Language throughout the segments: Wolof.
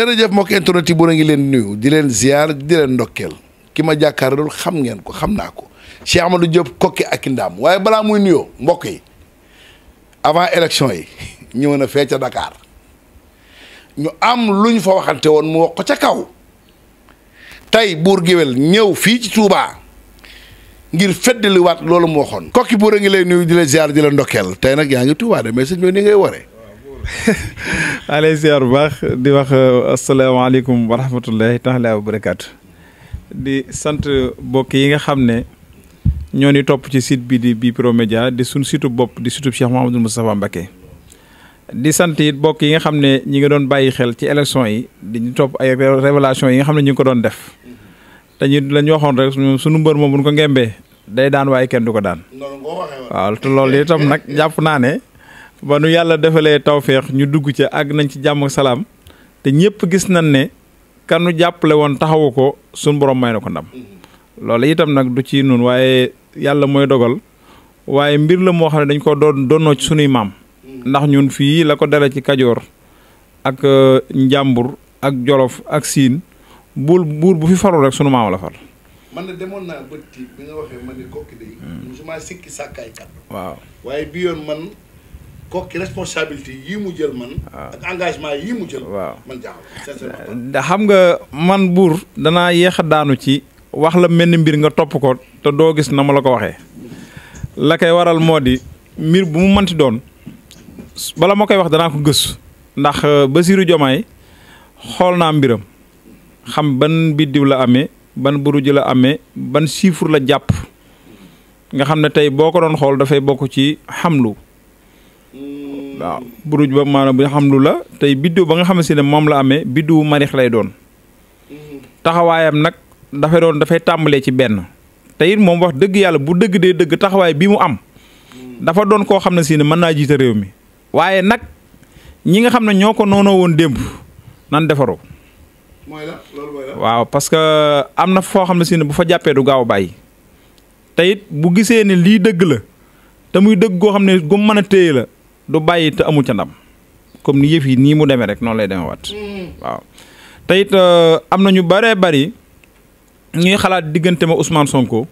jërëjëf mbokk internet yi bu na ngi leen nuyu di leen ziar di leen ndokkeel ki ma jàkkaarlool xam ngeen ko xam naa ko Cheikh Amadou Diop kokki ak ndaam waaye balaa muy nuyoo mbokk yi avant élection yi ñëw na fee ca dakaar ñu am lu ñu fa waxante woon mu wax ko ca kaw tey buur géwél ñëw fii ci Touba ngir feddaliwaat loolu mu waxoon kokki buur a ngi lay nuyu di leen ziar di leen ndokkeel tey nag yaa ngi Touba de mais sëñ bi ni ngay waree maa lay ziar bu baax di wax euh, asalaamaaleykum wa rahmatullahi taala wa barakaatu di sant mbokk yi nga xam ne ñoo ni topp ci site bi di Bprod Media di suñ site bopp di site Cheikh Mouhamadou Moustapha di sant it mbokk yi nga xam ne ñi ngi doon bàyyi xel ci élection yi di topp ay révélation yi nga xam ne ñu ngi ko doon def dañu la ñu waxoon rek suñu mbër moom buñ ko ngembee day daan waaye kenn du ko daan waaw te loolu itam nag jàpp naa ne ba nu yàlla defalee tawféex ñu dugg ca àgg nañ ci jàmm salaam te ñëpp gis nañ ne kanu jàppale woon taxawu ko suñ borom may na ko ndam mm-hmm. loolu itam nag du ci noonu waaye yàlla mooy dogal waaye mbir la moo xam ne dañ ko doon donnoo ci sunuy maam mm-hmm. ndax ñun fii la ko dale ci kajoor ak euh, njàmbur ak jolof ak siin buur buur bu fi faru rek sunu maam la far demoon naa bët kooku responsabilité yii mu jël man. ak engagement mu jël. waaw man xam nga man buur danaa yéex a daanu ci wax la mel ni mbir nga topp ko te doo gis na ma la ko waxee. la koy waral moo di mbir bu mu mënti doon bala ma koy wax danaa ko gëstu ndax euh, Basirou Diomaye xool naa mbiram xam ban biddiw la amee ban buruju la amee ban chiffre la jàpp nga xam ne tey boo ko doon xool dafay bokk ci xamlu. Hmm. waaw buruj ba maanaam bi xam lu la tey biddiw ba nga xam si ne moom la amee biddiwu marix lay doon hmm. taxawaayam nag dafay doon dafay tàmbalee ci benn te it moom wax dëgg yàlla bu dëgg dee dëgg taxawaay bi mu am hmm. dafa doon koo xam ne si ne mën naa jiite réew mi waaye nag ñi nga xam ne ñoo ko noonoo woon démb nan defaroo mooy waaw parce que am na foo xam ne si ne bu fa jàppee du gaaw a bàyyi te bu gisee ne lii dëgg la te muy dëgg goo xam ne gu mën a téye la du bàyyi te amu ca ndam comme ni yëf yi nii mu demee rek noonu lay demee waat mm. waaw te euh, am na ñu bëree bëri ñuy xalaat diggante ma Ousmane Sonko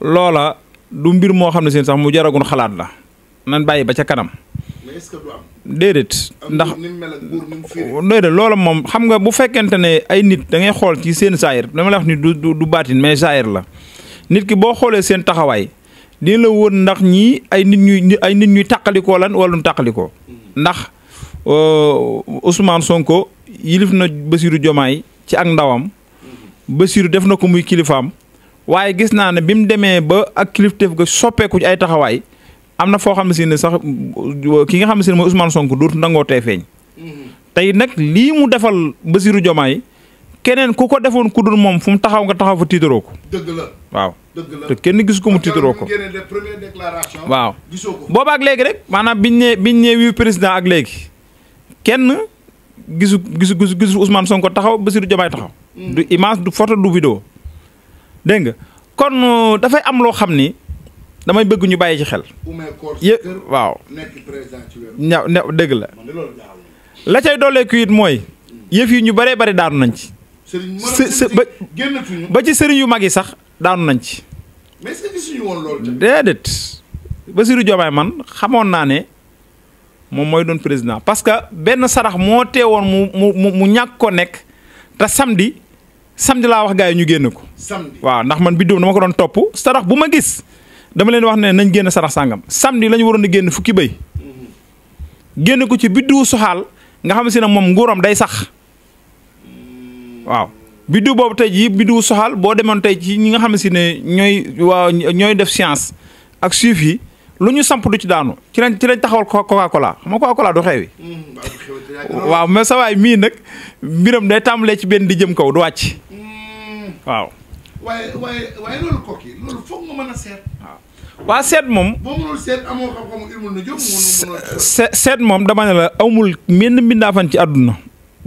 loola du mbir moo xam ne seen sax mu jaragun xalaat la nan bàyyi ba ca kanam. mais que du déedéet ndax oh, déedéet loola moom xam nga bu fekkente ne ay nit dangay xool ci seen saayir dama la wax ni du du baatin mais saayir la nit ki boo xoolee seen taxawaay. dina la wóor ndax ñii ay nit ñuy ay nit ñuy tàqalikoo lan wala ñu tàqalikoo mm. ndax euh, Ousmane Sonko yilif na Bassirou Diomaye ci ak ndawam mm-hmm. Bassirou def na ko muy kilifaam waaye gis naa ne bi mu demee ba ak kilifteef ga soppeeku ci ay taxawaay am na foo xam ne si ne sax euh, ki nga xam ne si ne mooy Ousmane Sonko dootu nangoo tee feeñ mm-hmm. tey nag lii mu defal Bassirou Diomaye keneen ku ko defoon ku dul moom fu mu taxaw nga taxaw fa tiitaroo ko. dëgg la waaw. dëgg te kenn gis ko mu tiitaroo ko. waaw. gisoo ko boobaak léegi rek maanaam biñ nee biñ nee wii président ak léegi kenn gisu gisu gisu gisu Ousmane ko taxaw Bassirou Diomaye taxaw. Mm. du image du photo du vidéo dégg nga kon euh, dafay am loo xam ni damay bëgg ñu bàyyi ci xel. yë waaw. ña ne dëgg la. la cay dooleeku it mooy. yëf yi ñu bëree bëri daanu nañ ci. ba ci sëriñ yu mag yi sax daanu nañ ci. mais est-ce que man xamoon naa ne moom mooy doon président parce que benn sarax moo te woon mu mu mu ñàkk ko nekk te samedi samedi laa wax gars yi ñu génn ko. samedi waaw ndax man biddoom dama ko doon topp sarax bu ma gis dama leen wax ne nañ génn sarax sàngam samedi lañu waroon di génn fukki béy mhm. génn ko ci biddu soxaal nga xam si ne moom nguuram day sax. waaw biddiw boobu tey jii biddiw soxal boo demoon tey ci ñi nga xam ne si ne ñooy waa ñooy def science ak suif yi lu ñu samp du ci daanu ci lañ ci lañ taxawal Coca Cola xam du xewi. waaw mais sa mii nag mbiram day tàmbalee ci benn di jëm kaw du wàcc. waaw. seet. waaw moom. boo mënul seet amoo moom dama ne la amul menn mbindaafan ci àdduna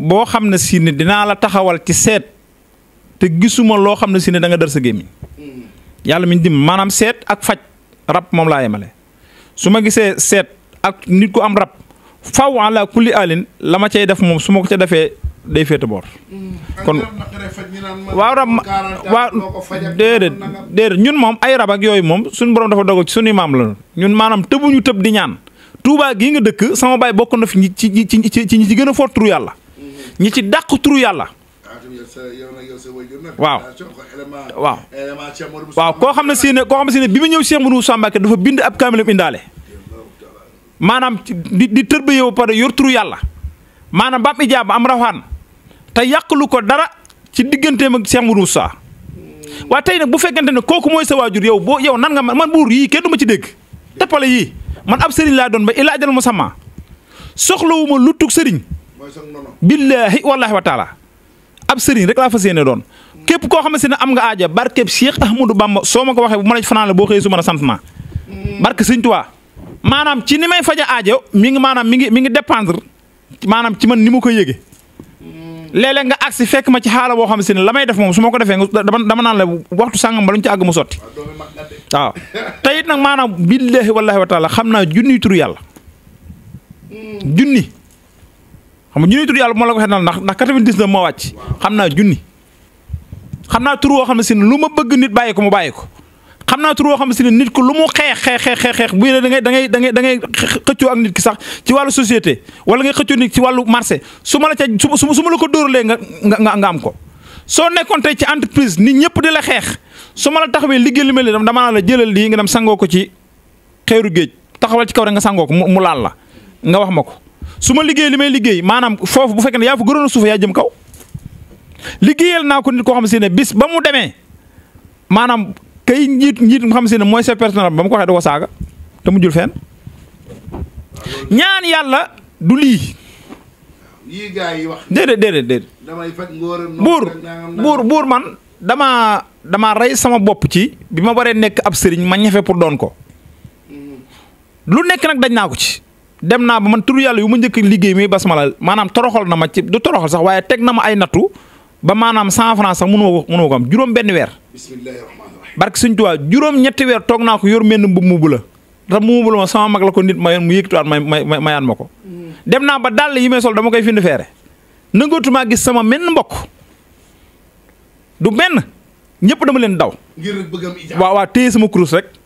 boo xam ne si ne dinaa la taxawal ci seet te gisuma loo xam ne si ne danga nga sa gémmiñ mm. yàlla mi ngi dim maanaam seet ak faj rab moom laa yemale su ma gisee seet ak nit ko am rab faw ala kulli alin la ma cay def moom su ma ko ca defee day féete boor. Mm. kon waaw rab ma waaw déedéet déedéet ñun moom ay rab ak yooyu moom suñu borom dafa dogal ci suñuy maam la ñun maanaam ñu tëb di ñaan. Touba gii nga dëkk sama baay bokk na fi ci ci ci ci ñi ci gën a ñi ci dàq turu yàlla. waaw waaw waaw koo xam ne si ne koo xam ne si ne bi mu ñëw Cheikh Mourou Moussa Mbacké dafa bind ab kaamilam indaale maanaam di di tërbe yow pare yor turu yàlla maanaam baab ijaab am rawaan te yàqlu ko dara ci digganteem ak Cheikh Mourou Moussa tey nag bu fekkente ne kooku mooy sa waajur yow boo yow nan nga man man buur yii kenn du ma ci dégg tappale yii man ab sëriñ laa doon ba ilaajal musamma soxlawuma lu tug sëriñ billaahi wallaahi wa taala ab sëriñ rek laa fas yéene doon képp koo xamante ne am nga aaja barkeb Cheikh Ahmadou Bamba soo ma ko waxee bu ma la fanaan la boo xëyee su ma la mm. barke sëñ ci ni may faja aaja mi ngi maanaam mi ngi mi ngi dépendre maanaam ci man ni ma ko yëge mm. léeg-léeg nga agsi fekk ma ci xaala boo xam si ne la may def moom su ma ko defee dama dama naan la waxtu sàngam ba luñ ci àgg mu sotti waaw te nag maanaam billaahi wallaahi wa taala xam naa junniy turu yàlla mm. junni xam nga ñu ne tudd yàlla bu ma la ko waxee naan ndax ndax 99 moo wàcc xam naa junni xam naa tur woo xam ne si lu ma bëgg nit bàyyi ko mu bàyyi ko naa tur woo xam ne nit ko lu mu xeex xeex xeex xeex bu yéene da ngay da ngay xëccoo ak nit ki sax ci wàllu société wala ngay xëccoo nit ci wàllu marché su ma la ca su su ma la ko dóorlee nga nga nga am ko. soo nekkoon ci entreprise nit ñëpp di la xeex su ma la taxawee liggéey li mel ni damaa la jëlal lii nga dem sangoo ko ci xeeru géej taxawal ci kaw rek nga sangoo ko mu laal la nga wax ma ko su ma liggéey li may liggéey maanaam foofu bu fekkee ne yaa fa gënoon a suufe yaa jëm kaw liggéeyal naa ko nit koo xam si ne bis ba mu demee maanaam kay njiit njiit nga xam si ne mooy sa personnel ba mu ko waxee da ko saaga te mu jul ñaan yàlla du lii. yi wax. déedéet déedéet damay faj ngóoram buur buur buur man damaa damaa rey sama bopp ci bi ma waree nekk ab sëriñ ma ñafe pour doon ko. Mm-hmm. lu nekk nag dañ naa ko ci. dem naa ba man turu yàlla yu ma njëkk liggéey mi basmala maanaam toroxal na ma ci du toroxal sax waaye teg na ma ay nattu ba maanaam cent francs sax mënu ma ko mënu am juróom benn weer barke Sëñ Tuubaa juróom ñetti weer toog naa ko yor menn mbubb mu bula la tax mu mu bu ma sama mag la ko nit mayoon mu yëkkatuwaat may may mayaan ma ko mm. dem naa ba dàll yi may sol dama koy find feere nangatuma gis sama menn mbokk du benn ñëpp dama leen daw waaw waaw téye sama kurus rek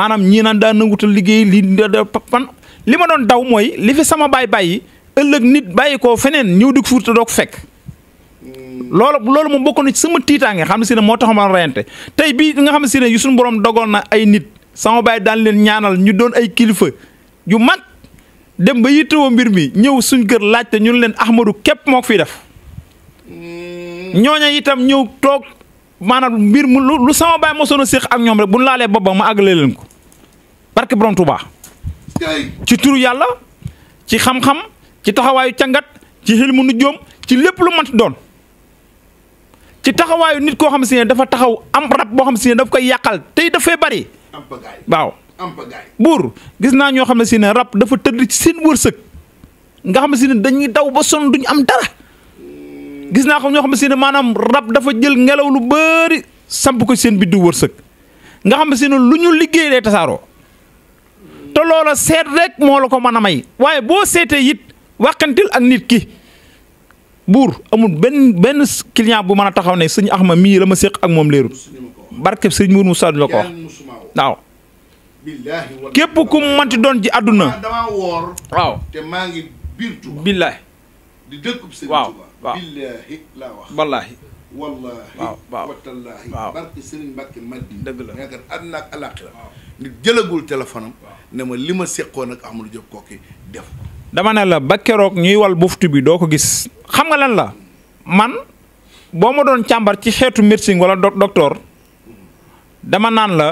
maanaam ñii naan daan na wutal liggéey li man li ma doon daw mooy li fi sama baay bàyyi ëllëg nit bàyyi ko feneen ñëw dugg fuuta doo ko fekk. loolu loolu moom bokk na ci sama tiitaange xam ne si ne moo tax ma reyante tey bii nga xam ne si ne yu suñu borom dogoon na ay nit sama baay daan leen ñaanal ñu doon ay kilifa yu mag dem ba yittewoo mbir mi ñëw suñ kër laajte ñun leen Ahmadou képp moo ko fiy def. Mm. ñooña itam ñëw toog maanaam mbir mu lu sama baay mosoon a séq ak ñoom rek bu ñu laalee boppam ma àggalee leen ko barke borom Touba ci tur yàlla ci xam-xam ci taxawaayu càngat ci xel nu joom ci lépp lu mënti doon ci taxawaayu nit koo xam si ne dafa taxaw am rab boo xam si ne daf koy yàqal tey dafay bari waaw buur gis naa ñoo xam ne si rab dafa tëdd ci seen wërsëg nga xam si ne dañuy daw ba sonn duñu am dara gis naa ko ñoo xam ne si ne maanaam rab dafa jël ngelaw lu bëri samp ko seen biddu wërsëg nga xam ne si ne lu ñu liggéey lay tasaaroo te loola seet rek moo la ko mën a may waaye boo seetee it waxantil ak nit ki buur amul benn benn client bu mën a taxaw ne sëñ Axma mii la ma séq ak moom leerul barkeb sëñ Mour Moussa du la ko wax waaw képp ku manti doon ci àdduna waaw ngi biir waaw billaahi laa wax wallaahi wallaahi waaw watallaahi waaw barke Serigne Mbacke Madina dëgg la yaakaar àdduna ak alaaxira nit jëlagul téléphone am ne ma li ma seqoon ak Amadou Diop kooki def dama ne la ba keroog ñuy wal buftu bi doo ko gis xam nga lan la man boo ma doon càmbar ci xeetu médecine wala docteur dama naan la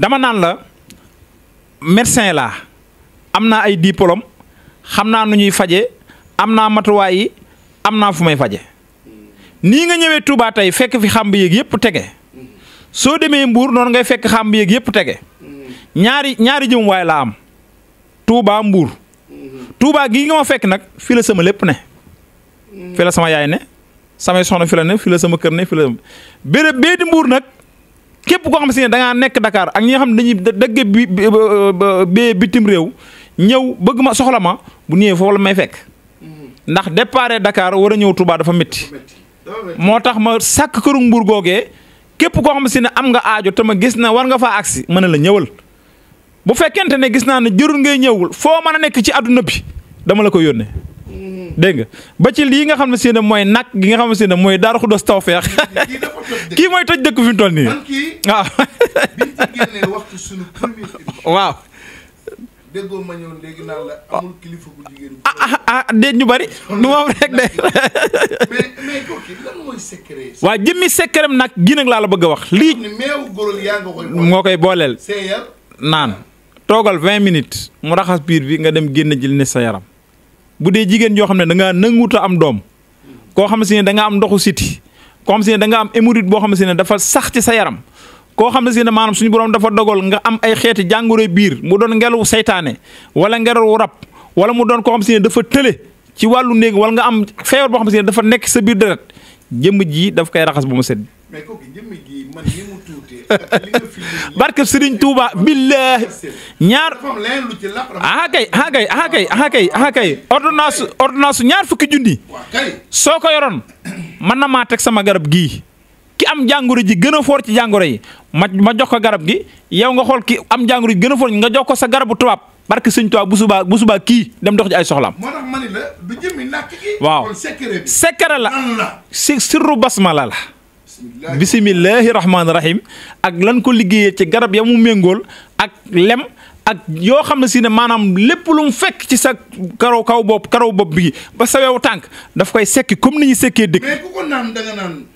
dama naan la médecin laa am naa ay diplôme xam naa nu ñuy faje am naa matuwaay yi am naa fu may faje nii nga ñëwee Touba tey fekk fi xàmb yéeg yëpp tege soo demee Mbuur noonu ngay fekk xàmb yéeg yëpp tege ñaari ñaari jëm waay laa am Touba Mbuur Touba gii nga ma fekk nag fi la sama lépp ne fi sama yaay ne samay soxna file la ne fi la sama kër ne fi la béréb bee Mbuur nag képp koo xam si ne da nekk Dakar ak ñi xam ne dañuy dëgg bi bee bitim réew ñëw bëgg ma soxla ma bu ñëwee foofu la may fekk. ndax départ dakaar war a ñëw Touba dafa métti moo tax ma sàkk këru Mbour googee képp koo xam si ne am nga aajo te ma gis na war nga faa agsi mën na la ñëwal bu fekkente ne gis naa ne jërul ngay ñëwul foo mën a nekk ci àdduna bi dama la ko yónnee. dégg nga ba ci lii nga xam ne si ne mooy nag gi nga xam ne si ne mooy Daaru Xudoos tawfeex kii mooy toj dëkk fi mu nii waaw. déggoo ma léegi la ah. ah, ah, ñu bari. du moom rek de. waa jëmmi secretam nag gi nag laa la bëgg a wax. lii ni meewu koy. moo koy booleel. seeyal naan toogal vingt minutes mu raxas biir bi nga dem génn jël li sa yaram bu dee jigéen joo xam ne da ngaa nanguut am doom koo xam si ne da nga am ndoxu siti koo xam si ne da nga am hémorroïde boo xam si ne dafa sax ci sa yaram. koo xam ne si ne maanaam suñu borom dafa dogal nga am ay xeeti jàngoroy biir mu doon ngelawu saytaane wala ngelawu rab wala mu doon koo xam si ne dafa tële ci wàllu néeg wala nga am feebar boo xam si ne dafa nekk sa biir deret jëmm ji daf koy raxas bu mu sedd. mais kooku jëmm ji man barke Serigne Touba billaahi ñaar ah kay ah kay ah kay ah kay ñaar fukki junni. soo ko yoroon mën na maa teg sama garab gii. ki am jàngoro ji gën a foor ci jàngoro yi ma ma jox ko garab gi yow nga xool ki am jàngoro ji gën a foor nga jox ko sa garabu tubaab barke sëñ tubaab bu subaa bu subaa kii dem dox ci ay soxlaam. moo tax ma ni la du jëmmi nàkk waaw kon secret bi. secret la la. bisimilahi rahmaani rahim ak lan ko liggéeyee ci garab ya mu méngool ak lem. ak yoo xam ne si ne maanaam lépp lu fekk ci sa karaw kaw bopp karaw bopp bi ba sa sawewu tànk daf koy sekki comme ni ñu sekkee dëkk. mais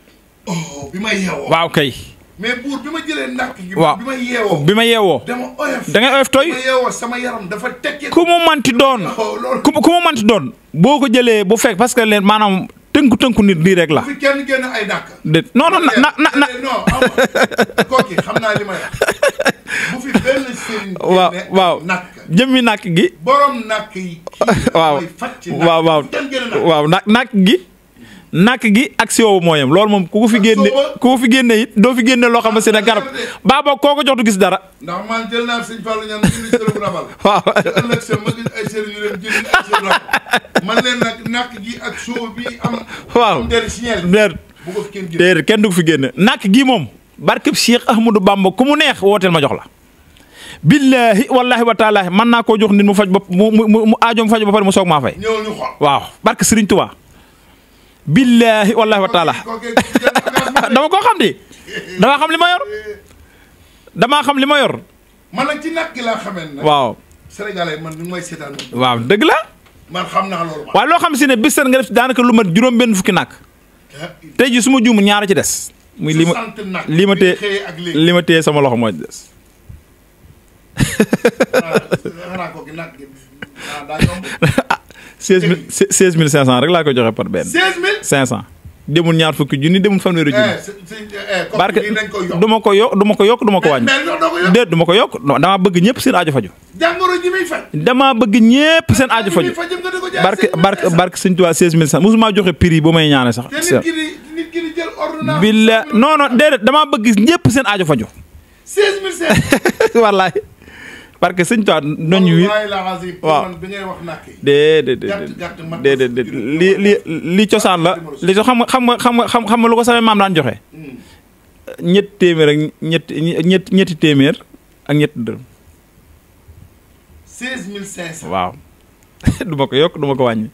Oh, bi ma yeewoo waaw kay. mais buur bi ma jëlee ndànk gi. waaw bi ma yeewoo bi ma yeewoo. dama oyof da nga ma sama yaram dafa tekki. ku mu manti doon oh, ku ku mu manti doon. boo ko jëlee bu fekk parce que leen maanaam tënku tënku nit nii rek la. fi kenn génn ay dàq. de non non na na eh, naa li ma waaw jëmmi nakk gi. borom nàkk yi. waaw waaw waaw nàkk gi. nakk gi ak siwo moo loolu moom ku ko fi génne ku fi génne doo fi génne loo xamante ne garab baa boog koo jox du gis dara. ndax man jël naa sëñ Fallou ñaan waaw ay gi ak kenn du fi génne nakk gi moom barkeb Cheikh Ahmadou Bamba ku mu neex wooteel ma jox la. billahi wallahi wa taalaahi naa koo jox nit mu faj bopp mu mu mu aajoom faj ba pare mu soog maa fay. waaw barke Serigne billaahi wallaahi wa taala dama koo xam di dama xam li ma yor damaa xam li ma yor. man nag ci nag gi laa waaw Sénégalais man mi ngi may seetaan. dëgg la. man xam naa loolu. waaye loo xam si ne bis nga def daanaka lu ma juróom-benn fukki nag. tey ji suma ma juum ñaara ci des. muy li ma li ma téye li ma téye sama loxo mooy des. seize mille mille cinq cent rek laa ko joxe par benn. seize cent. demul ñaar fukki junni demul fanweeri junni. Eh, eh, eh, barke du ma ko yokk du ma ko yokk duma ko wàññi. déet duma ko yokk damaa bëgg ñëpp seen aajo faju. jàngoro ji muy faj. damaa bëgg ñëpp seen aajo faju. barke barke barke Sëñ Tuubaa seize mille cinq joxe piri boo may ñaane sax. billa non non déedéet damaa bëgg ñëpp seen aajo faju. seize parce que sëñ Tuubaa noonu ñu. waaw déedéet li li li cosaan la li xam nga xam nga xam nga xam nga lu ko samay maam daan joxe. ñetti téeméer ak ñetti ñetti waaw du ko yokk du ko wàññi.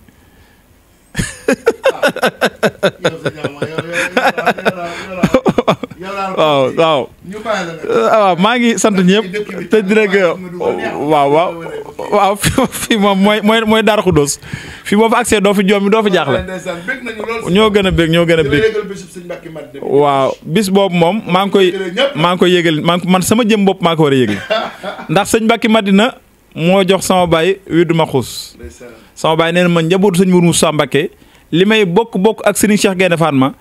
waaw maa ngi sant ñëpp te di rek waaw waaw waaw fii moom mooy mooy mooy Darou Khoudoss fii boo fa doo fi joomi doo fi jaaxle ñoo gën a bëgg ñoo gën a bëgg waaw bis boobu moom maa ngi koy maa ngi koy yëgal maa man sama jëm bopp maa ko war a yëgal ndax sëñ Mbacke Madina moo jox sama baay wi du ma xuus sama baay nee na ma njabootu sëñ Mourou Moussa Mbacke li may bokk bokk ak Serigne Cheikh Gaïndé Fatma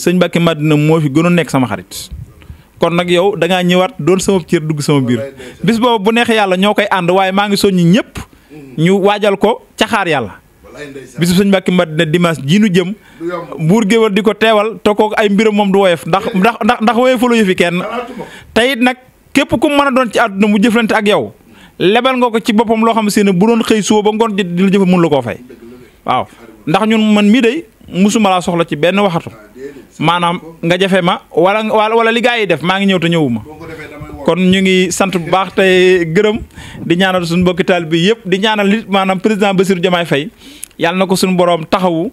sëñ Mbacke Madina moo fi gënoon nekk sama xarit kon nag yow da ngaa ñëwaat doon sama cër dugg sama biir bis boobu bu neexee yàlla ñoo koy ànd waaye maa ngi soññi ñëpp mm. ñu waajal ko ca xaar yàlla. bisu sëñ Mbacke Madina dimanche jii nu jëm buur géwél di ko teewal te kooku ay mbiram moom du woyof ndax ndax ndax ndax woyofalu yëfi kenn te it nag képp kum mën a doon ci àdduna mu jëflante ak yow lebal nga ko ci boppam loo xam si ne bu doon xëy suba ba ngoon di la jëfa mun la koo fay ndax ñun man mii day musuma laa soxla ci benn waxatu ah, maanaam nga jafe ma wala wala li gaa yi def maa ngi ñëw te ñëwuma kon ñu ngi sant bu baax tey gërëm di ñaanal suñu mbokki taal bi yëpp di ñaanal maanaam président Bassirou Diomaye Faye yàlla na ko suñu borom taxawu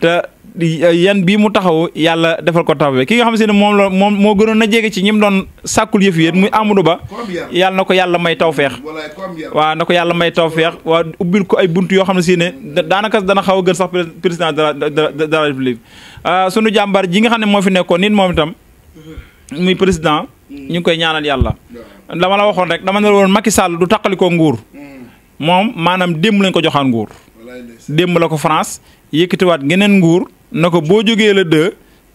te yan bii mu taxaw yàlla defal ko taxaw ki nga xam si ne moom la moom moo gënoon na jege ci ñim doon sàkkul yëf yéen muy Amadou Ba yàlla na ko yàlla may tawfeex waa na ko yàlla may tawfeex waa ubbil ko ay bunt yoo xam ne si ne daanaka dana xaw a gën sax président de la de la ah, sunu jàmbaar ji nga xam ne moo fi nekkoon nit moom itam muy président ñu ngi koy ñaanal yàlla dama la waxoon rek dama ne woon Macky Sall du taqali ko nguur mm. moom maanaam démb lañ ko joxaan nguur démb la ko France yëkkatiwaat geneen nguur na ko boo jógee la dë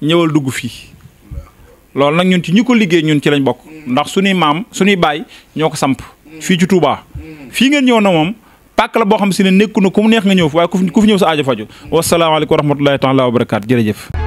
ñëwal dugg fii loolu nag ñun ci ñu ko liggéey ñun ci lañ bokk ndax suñuy maam suñuy baay ñoo ko samp fii ci Touba fii ngeen ñëw na moom pàkk la boo xam si ne nekku na ku mu neex nga ñëw waaye ku fi ñëw sa aajo faju wasalaamaaleykum wa rahmatullahi taala wa barakaatu jërëjëf